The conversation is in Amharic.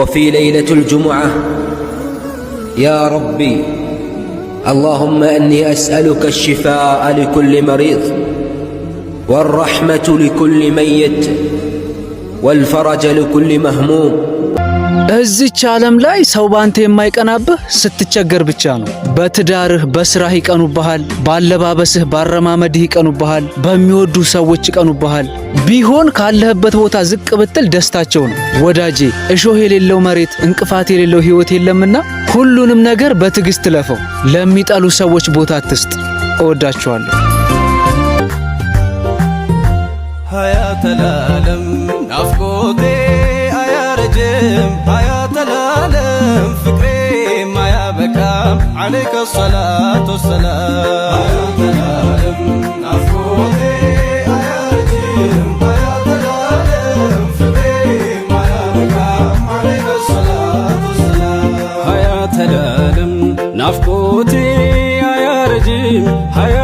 وفي ليلة الجمعة يا ربي اللهم أني أسألك الشفاء لكل مريض والرحمة لكل ميت والفرج لكل مهموم እዚች ዓለም ላይ ሰው ባንተ የማይቀናብህ ስትቸገር ብቻ ነው። በትዳርህ በስራህ ይቀኑብሃል፣ ባለባበስህ ባረማመድህ ይቀኑብሃል፣ በሚወዱ ሰዎች ይቀኑብሃል። ቢሆን ካለህበት ቦታ ዝቅ ብትል ደስታቸው ነው። ወዳጄ እሾህ የሌለው መሬት እንቅፋት የሌለው ሕይወት የለምና ሁሉንም ነገር በትዕግሥት ለፈው። ለሚጠሉ ሰዎች ቦታ አትስጥ። እወዳችኋለሁ። ሀያ ተላለም ናፍቆ عليك الصلاة والسلام ናፍቆቴ አያረጅም